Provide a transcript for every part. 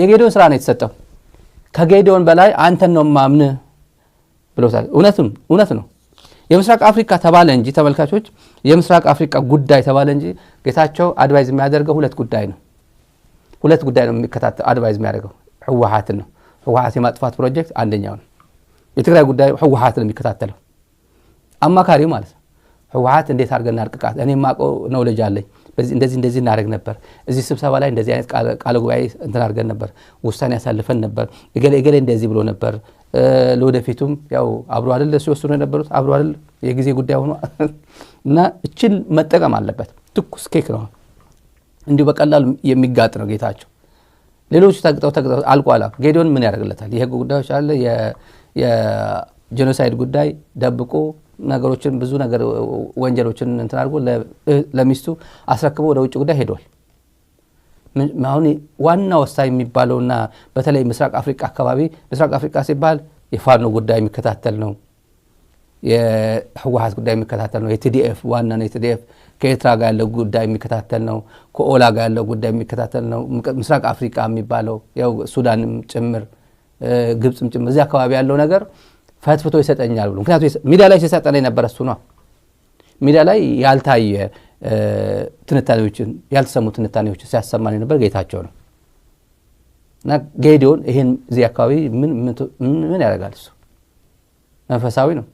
የጌዶን ስራ ነው የተሰጠው። ከጌዶን በላይ አንተን ነው ማምን ብሎታል። እውነት ነው። የምስራቅ አፍሪካ ተባለ እንጂ ተመልካቾች፣ የምስራቅ አፍሪካ ጉዳይ ተባለ እንጂ ጌታቸው አድቫይዝ የሚያደርገው ሁለት ጉዳይ ነው። ሁለት ጉዳይ ነው የሚከታተል አድቫይዝ የሚያደርገው ህወሀትን ነው። ህወሀት የማጥፋት ፕሮጀክት አንደኛው ነው። የትግራይ ጉዳይ ህወሀት ነው የሚከታተለው አማካሪው ማለት ነው። ህወሀት እንዴት አድርገ እናርቅቃት፣ እኔ ማቆ ነው ልጅ አለኝ እንደዚህ እንደዚህ እናደርግ ነበር፣ እዚህ ስብሰባ ላይ እንደዚህ አይነት ቃለ ጉባኤ እንትን ነበር፣ ውሳኔ ያሳልፈን ነበር፣ እገሌ እገሌ እንደዚህ ብሎ ነበር። ለወደፊቱም ያው አብሮ አይደል ሲወስኑ የነበሩት አብሮ አደል የጊዜ ጉዳይ ሆኖ እና እችን መጠቀም አለበት። ትኩስ ኬክ ነው፣ እንዲሁ በቀላሉ የሚጋጥ ነው ጌታቸው። ሌሎቹ ተግጠው ተግጠው አልቋላ። ጌዲዮን ምን ያደርግለታል? የህግ ጉዳዮች አለ፣ የጀኖሳይድ ጉዳይ ደብቆ ነገሮችን ብዙ ነገር ወንጀሎችን እንትን አድርጎ ለሚስቱ አስረክቦ ወደ ውጭ ጉዳይ ሄዷል። አሁን ዋና ወሳኝ የሚባለውና በተለይ ምስራቅ አፍሪቃ አካባቢ ምስራቅ አፍሪቃ ሲባል የፋኖ ጉዳይ የሚከታተል ነው፣ የህወሀት ጉዳይ የሚከታተል ነው፣ የቲዲኤፍ ዋና ነው። የቲዲኤፍ ከኤርትራ ጋር ያለው ጉዳይ የሚከታተል ነው፣ ከኦላ ጋር ያለው ጉዳይ የሚከታተል ነው። ምስራቅ አፍሪቃ የሚባለው ያው ሱዳንም ጭምር ግብፅም ጭምር እዚህ አካባቢ ያለው ነገር ፈትፍቶ ይሰጠኛል ብሎ ምክንያቱ ሚዲያ ላይ ሲሰጠን የነበረ እሱ ነው። ሚዲያ ላይ ያልታየ ትንታኔዎችን ያልተሰሙ ትንታኔዎችን ሲያሰማን የነበር ጌታቸው ነው እና ጌዲዮን ይህን እዚህ አካባቢ ምን ያደርጋል? እሱ መንፈሳዊ ነው፣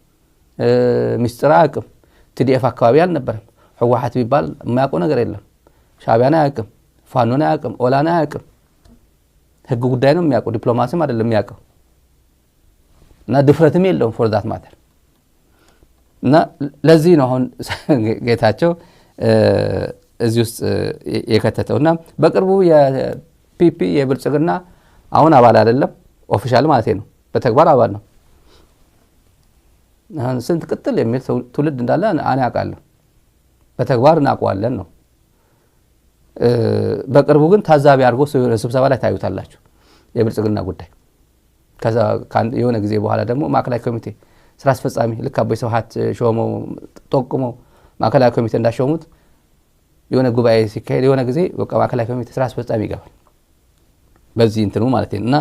ሚስጥር አያውቅም። ቲዲኤፍ አካባቢ አልነበረም። ህወሓት ቢባል የማያውቀው ነገር የለም። ሻቢያን አያቅም ፋኖን አያቅም ኦላን አያቅም ህግ ጉዳይ ነው የሚያውቀው፣ ዲፕሎማሲም አይደለም የሚያውቀው እና ድፍረትም የለውም ፎር ዛት ማተር እና ለዚህ ነው አሁን ጌታቸው እዚህ ውስጥ የከተተው እና በቅርቡ የፒፒ የብልጽግና አሁን አባል አይደለም ኦፊሻል ማለት ነው፣ በተግባር አባል ነው። ስንት ቅጥል የሚል ትውልድ እንዳለ እኔ አውቃለሁ። በተግባር እናውቀዋለን ነው። በቅርቡ ግን ታዛቢ አድርጎ ስብሰባ ላይ ታዩታላችሁ የብልጽግና ጉዳይ የሆነ ጊዜ በኋላ ደግሞ ማዕከላዊ ኮሚቴ ስራ አስፈጻሚ ልክ አቦይ ስብሀት ሾመው ጠቁመው ማዕከላዊ ኮሚቴ እንዳሾሙት የሆነ ጉባኤ ሲካሄድ የሆነ ጊዜ በቃ ማዕከላዊ ኮሚቴ ስራ አስፈጻሚ ይገባል። በዚህ እንትኑ ማለት እና